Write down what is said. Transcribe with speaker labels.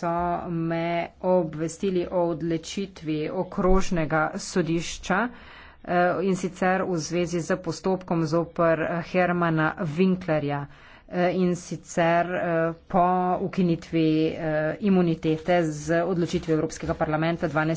Speaker 1: so me obvestili o odločitvi okrožnega sodišča eh, in sicer v zvezi z postopkom zoper Hermana Winklerja eh, in sicer eh, po ukinitvi imunitete z odločitvijo Evropskega parlamenta 12.